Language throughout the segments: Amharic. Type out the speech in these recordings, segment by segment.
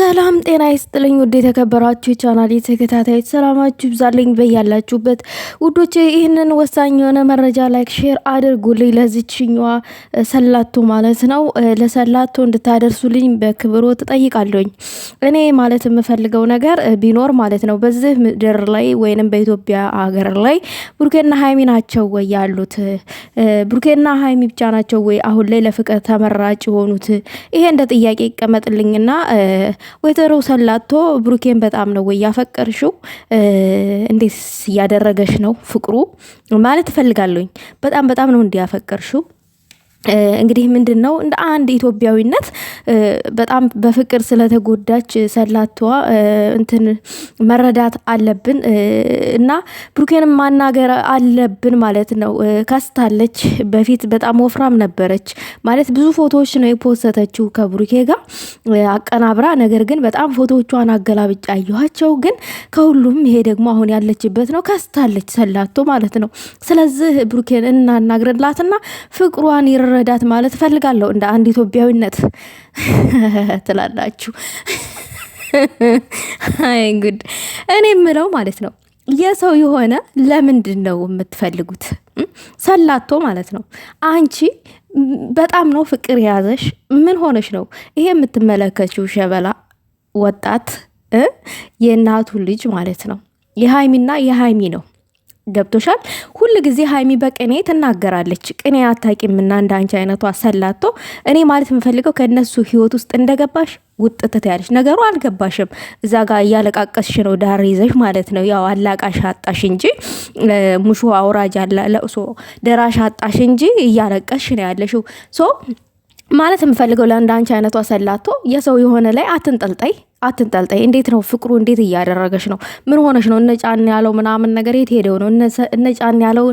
ሰላም ጤና ይስጥልኝ ውድ የተከበራችሁ የቻናል የተከታታዮች ሰላማችሁ ይብዛልኝ በያላችሁበት ውዶች። ይህንን ወሳኝ የሆነ መረጃ ላይክ፣ ሼር አድርጉልኝ ለዚችኛዋ ሰላቶ ማለት ነው ለሰላቶ እንድታደርሱልኝ በክብሮ ትጠይቃለኝ። እኔ ማለት የምፈልገው ነገር ቢኖር ማለት ነው በዚህ ምድር ላይ ወይንም በኢትዮጵያ ሀገር ላይ ቡርኬና ሀይሚ ናቸው ወይ ያሉት? ቡርኬና ሀይሚ ብቻ ናቸው ወይ አሁን ላይ ለፍቅር ተመራጭ የሆኑት? ይሄ እንደ ጥያቄ ይቀመጥልኝና ወይዘሮ ሰላቶ ብሩኬን በጣም ነው ወይ ያፈቀርሽው? እንዴት እያደረገሽ ነው? ፍቅሩ ማለት እፈልጋለሁኝ። በጣም በጣም ነው እንዲያፈቀርሽው እንግዲህ ምንድን ነው እንደ አንድ ኢትዮጵያዊነት በጣም በፍቅር ስለተጎዳች ሰላቷ እንትን መረዳት አለብን እና ብሩኬንም ማናገር አለብን ማለት ነው። ከስታለች። በፊት በጣም ወፍራም ነበረች ማለት ብዙ ፎቶዎች ነው የፖሰተችው ከብሩኬ ጋር አቀናብራ። ነገር ግን በጣም ፎቶዎቿን አገላብጫ አየኋቸው። ግን ከሁሉም ይሄ ደግሞ አሁን ያለችበት ነው። ከስታለች ሰላቶ ማለት ነው። ስለዚህ ብሩኬን እናናግርላትና ፍቅሯን ይረ እንረዳት ማለት እፈልጋለሁ እንደ አንድ ኢትዮጵያዊነት ትላላችሁ። አይ ጉድ! እኔ የምለው ማለት ነው የሰው የሆነ ለምንድን ነው የምትፈልጉት? ሰላቶ ማለት ነው። አንቺ በጣም ነው ፍቅር የያዘሽ። ምን ሆነሽ ነው ይሄ የምትመለከችው ሸበላ ወጣት የእናቱ ልጅ ማለት ነው። የሀይሚና የሀይሚ ነው ገብቶሻል። ሁል ጊዜ ሀይሚ በቅኔ ትናገራለች። ቅኔ አታቂምና እንደ አንቺ አይነቷ ሰላቶ እኔ ማለት የምፈልገው ከእነሱ ህይወት ውስጥ እንደገባሽ ውጥትት ያለች ነገሩ አልገባሽም። እዛ ጋር እያለቃቀስሽ ነው ዳር ይዘሽ ማለት ነው። ያው አላቃሽ አጣሽ እንጂ ሙሾ አውራጅ ለቅሶ ደራሽ አጣሽ እንጂ እያለቀስሽ ነው ያለሽው ሶ ማለት የምፈልገው ለእንደ አንቺ አይነቷ ሰላቶ የሰው የሆነ ላይ አትንጠልጠይ። አትንጠልጣይ። እንዴት ነው ፍቅሩ? እንዴት እያደረገች ነው? ምን ሆነች ነው? እነጫን ያለው ምናምን ነገር የት ሄደው ነው? እነጫን ያለው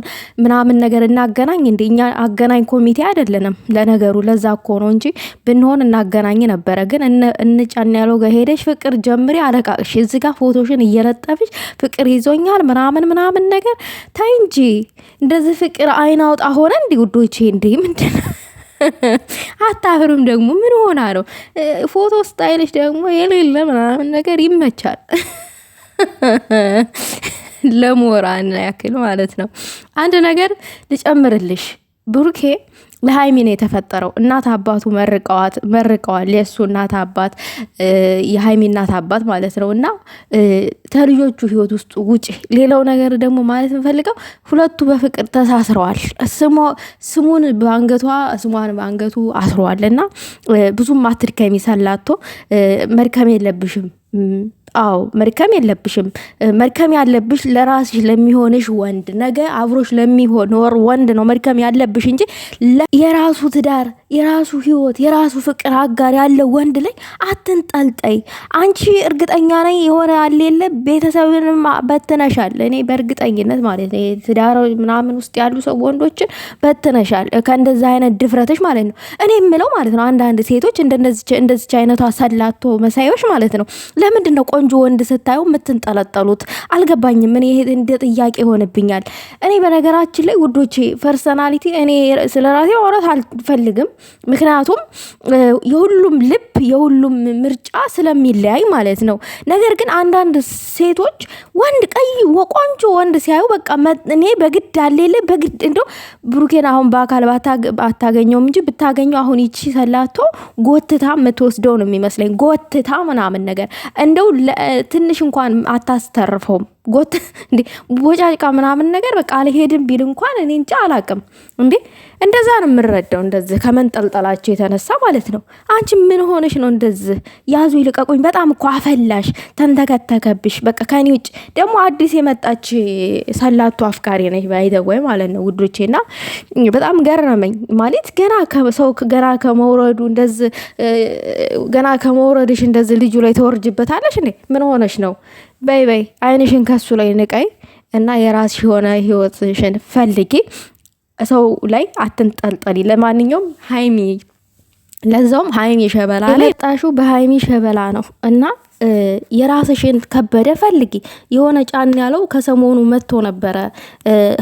ምናምን ነገር እናገናኝ እንዴ? እኛ አገናኝ ኮሚቴ አይደለንም ለነገሩ። ለዛ እኮ ነው እንጂ ብንሆን እናገናኝ ነበረ። ግን እነጫን ያለው ጋር ሄደሽ ፍቅር ጀምሪ አለቃቅሽ፣ እዚ ጋር ፎቶሽን እየለጠፍሽ ፍቅር ይዞኛል ምናምን ምናምን ነገር ታይ እንጂ እንደዚህ ፍቅር አይናውጣ ሆነ እንዲ ውዶቼ እንዲ ምንድን አታፍርም ደግሞ ምን ሆና ነው? ፎቶ ስታይልሽ ደግሞ የሌለ ምናምን ነገር ይመቻል። ለሞራ ያክል ማለት ነው። አንድ ነገር ልጨምርልሽ ብሩኬ ለሀይሚን የተፈጠረው እናት አባቱ መርቀዋት መርቀዋል። የእሱ እናት አባት የሀይሚ እናት አባት ማለት ነው። እና ከልጆቹ ህይወት ውስጥ ውጭ ሌላው ነገር ደግሞ ማለት የምፈልገው ሁለቱ በፍቅር ተሳስረዋል። ስሙን በአንገቷ ስሟን በአንገቱ አስረዋል። እና ብዙም አትድከሚ ሰላቶ መድከም የለብሽም አዎ መድከም የለብሽም። መድከም ያለብሽ ለራስሽ ለሚሆንሽ ወንድ ነገ አብሮሽ ለሚሆን ወር ወንድ ነው መድከም ያለብሽ እንጂ የራሱ ትዳር የራሱ ህይወት የራሱ ፍቅር አጋር ያለው ወንድ ላይ አትንጠልጠይ። አንቺ እርግጠኛ ነኝ የሆነ ያለ የለ ቤተሰብንም በትነሻል። እኔ በእርግጠኝነት ማለት ነው ትዳር ምናምን ውስጥ ያሉ ሰው ወንዶችን በትነሻል፣ ከእንደዚ አይነት ድፍረቶች ማለት ነው። እኔ የምለው ማለት ነው አንዳንድ ሴቶች እንደዚች አይነቷ ሰላቶ መሳዮች ማለት ነው። ለምንድን ነው ቆንጆ ወንድ ስታዩ የምትንጠለጠሉት? አልገባኝም። እኔ እንደ ጥያቄ ሆንብኛል እኔ በነገራችን ላይ ውዶቼ ፐርሰናሊቲ እኔ ስለ ራሴ ማውራት አልፈልግም። ምክንያቱም የሁሉም ልብ የሁሉም ምርጫ ስለሚለያይ ማለት ነው። ነገር ግን አንዳንድ ሴቶች ወንድ ቀይ ቆንጆ ወንድ ሲያዩ በቃ እኔ በግድ አሌለ በግድ እንደው ብሩኬን አሁን በአካል አታገኘውም እንጂ ብታገኘው አሁን ይቺ ሰላቶ ጎትታ የምትወስደው ነው የሚመስለኝ። ጎትታ ምናምን ነገር እንደው ትንሽ እንኳን አታስተርፈውም። ጎት እንዴ ቦጫጭቃ ምናምን ነገር በቃ አልሄድም ቢል እንኳን እኔ እንጃ አላቅም። እንዴ እንደዛ ነው የምንረዳው፣ እንደዚህ ከመንጠልጠላቸው የተነሳ ማለት ነው። አንቺ ምን ሆነሽ ነው እንደዚህ? ያዙ ይልቀቁኝ። በጣም እኮ አፈላሽ፣ ተንተከተከብሽ። በቃ ከኔ ውጭ ደግሞ አዲስ የመጣች ሰላቱ አፍቃሪ ነች ባይደወይ ማለት ነው ውዶቼ። እና በጣም ገረመኝ ማለት ገና ሰው ገና ከመውረዱ እንደዚህ ገና ከመውረድሽ እንደዚህ ልጁ ላይ ተወርጅበታለሽ እንዴ? ምን ሆነሽ ነው? በይ በይ አይንሽን ከሱ ላይ ንቀይ እና የራስሽ የሆነ ህይወትሽን ፈልጊ። ሰው ላይ አትንጠልጠሊ። ለማንኛውም ሀይሚ ለዛውም ሀይሚ ሸበላ ላይ ጣሹ በሀይሚ ሸበላ ነው እና የራስሽን ከበደ ፈልጊ። የሆነ ጫን ያለው ከሰሞኑ መጥቶ ነበረ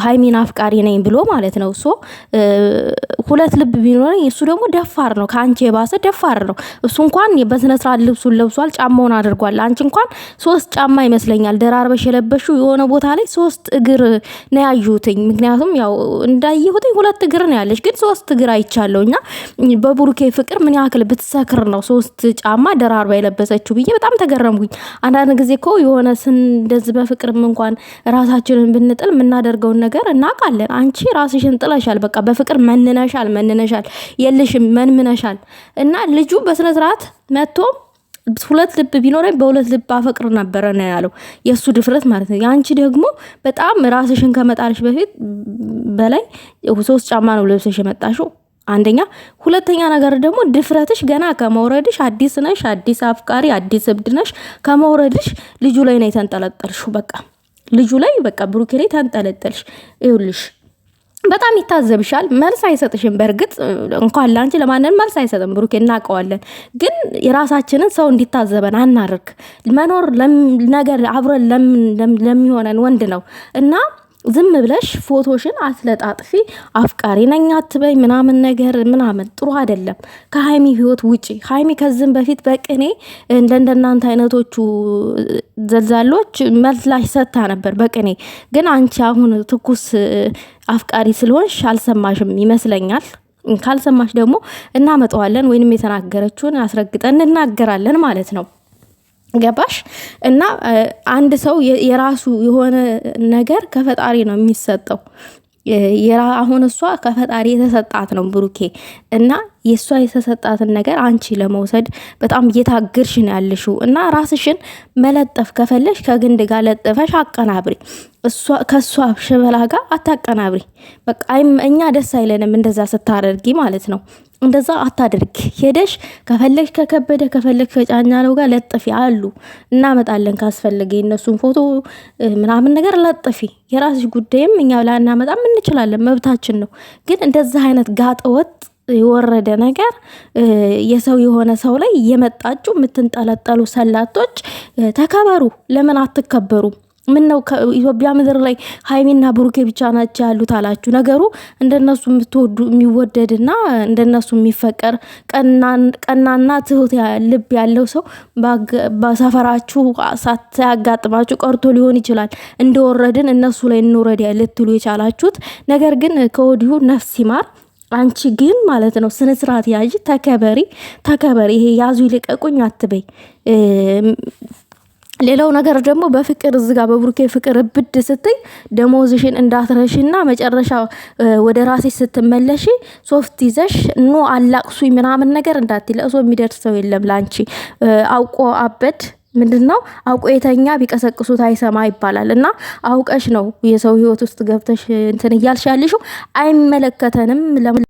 ሀይሚን አፍቃሪ ነኝ ብሎ ማለት ነው። ሶ ሁለት ልብ ቢኖረኝ እሱ ደግሞ ደፋር ነው፣ ከአንቺ የባሰ ደፋር ነው። እሱ እንኳን በስነ ስርዓት ልብሱን ለብሷል፣ ጫማውን አድርጓል። አንቺ እንኳን ሶስት ጫማ ይመስለኛል ደራርበሽ የለበሽው። የሆነ ቦታ ላይ ሶስት እግር ነው ያዩትኝ። ምክንያቱም ያው እንዳየሁትኝ ሁለት እግር ነው ያለሽ፣ ግን ሶስት እግር አይቻለሁ። እና በቡሩኬ ፍቅር ምን ያክል ብትሰክር ነው ሶስት ጫማ ደራርባ የለበሰችው ብዬ በጣም ተገረምኩኝ። አንዳንድ ጊዜ እኮ የሆነ ስን እንደዚህ በፍቅርም እንኳን ራሳችንን ብንጥል የምናደርገውን ነገር እናውቃለን። አንቺ ራስሽን ጥለሻል። በቃ በፍቅር መንነሽ መንምነሻል፣ መንነሻል፣ የልሽም መንምነሻል እና ልጁ በስነ ስርዓት መጥቶ ሁለት ልብ ቢኖረኝ በሁለት ልብ አፈቅር ነበረ ነው ያለው። የእሱ ድፍረት ማለት ነው። የአንቺ ደግሞ በጣም ራስሽን ከመጣልሽ በፊት በላይ ሶስት ጫማ ነው ልብስሽ የመጣሽው። አንደኛ፣ ሁለተኛ ነገር ደግሞ ድፍረትሽ ገና ከመውረድሽ አዲስ ነሽ፣ አዲስ አፍቃሪ፣ አዲስ እብድ ነሽ። ከመውረድሽ ልጁ ላይ ነው የተንጠለጠልሽው። በቃ ልጁ ላይ በቃ ብሩኬ ላይ ተንጠለጠልሽ። ይኸውልሽ በጣም ይታዘብሻል። መልስ አይሰጥሽም። በእርግጥ እንኳን ለአንቺ ለማንን መልስ አይሰጥም። ብሩክ እናውቀዋለን፣ ግን የራሳችንን ሰው እንዲታዘበን አናርግ። መኖር ነገር አብረን ለሚሆነን ወንድ ነው እና ዝም ብለሽ ፎቶሽን አትለጣጥፊ፣ አፍቃሪ ነኝ አትበይ፣ ምናምን ነገር ምናምን ጥሩ አይደለም። ከሀይሚ ህይወት ውጪ ሀይሚ ከዚህም በፊት በቅኔ እንደናንተ አይነቶቹ ዘልዛሎች መልስ ሰታ ነበር በቅኔ። ግን አንቺ አሁን ትኩስ አፍቃሪ ስለሆንሽ አልሰማሽም ይመስለኛል። ካልሰማሽ ደግሞ እናመጣዋለን ወይንም የተናገረችውን አስረግጠን እንናገራለን ማለት ነው። ገባሽ እና አንድ ሰው የራሱ የሆነ ነገር ከፈጣሪ ነው የሚሰጠው። አሁን እሷ ከፈጣሪ የተሰጣት ነው ብሩኬ እና የእሷ የተሰጣትን ነገር አንቺ ለመውሰድ በጣም እየታግርሽ ነው ያልሽው እና ራስሽን መለጠፍ ከፈለሽ ከግንድ ጋር ለጥፈሽ አቀናብሪ። ከእሷ ሽበላ ጋር አታቀናብሪ። በቃ እኛ ደስ አይለንም እንደዛ ስታደርጊ ማለት ነው። እንደዛ አታድርግ። ሄደሽ ከፈለግሽ ከከበደ ከፈለግሽ ከጫኛለው ጋር ለጥፊ አሉ እናመጣለን ካስፈለገ የነሱን ፎቶ ምናምን ነገር ለጥፊ። የራስሽ ጉዳይም እኛ እናመጣም እንችላለን፣ መብታችን ነው። ግን እንደዛ አይነት ጋጠ የወረደ ነገር የሰው የሆነ ሰው ላይ የመጣችሁ የምትንጠለጠሉ ሰላቶች ተከበሩ። ለምን አትከበሩም? ምን ነው ከኢትዮጵያ ምድር ላይ ሀይሜና ብሩኬ ብቻ ናቸው ያሉት አላችሁ። ነገሩ እንደነሱ የምትወዱ የሚወደድና እንደነሱ የሚፈቀር ቀናና ትሁት ልብ ያለው ሰው በሰፈራችሁ ሳያጋጥማችሁ ቀርቶ ሊሆን ይችላል። እንደወረድን እነሱ ላይ እንውረድ ልትሉ የቻላችሁት ነገር ግን ከወዲሁ ነፍስ ይማር። አንቺ ግን ማለት ነው ስነ ስርዓት ያዥ፣ ተከበሪ፣ ተከበሪ። ይሄ ያዙ ይልቀቁኝ አትበይ። ሌላው ነገር ደግሞ በፍቅር እዚህ ጋር በብሩኬ ፍቅር ብድ ስትይ ደሞዝሽን እንዳትረሽና መጨረሻ ወደ ራሴ ስትመለሽ ሶፍት ይዘሽ ኖ አላቅሱኝ ምናምን ነገር እንዳትለእሶ የሚደርስ ሰው የለም ለአንቺ አውቆ አበድ ምንድን ነው አውቆ የተኛ ቢቀሰቅሱት አይሰማ ይባላል። እና አውቀሽ ነው የሰው ህይወት ውስጥ ገብተሽ እንትን እያልሽ ያልሽው አይመለከተንም።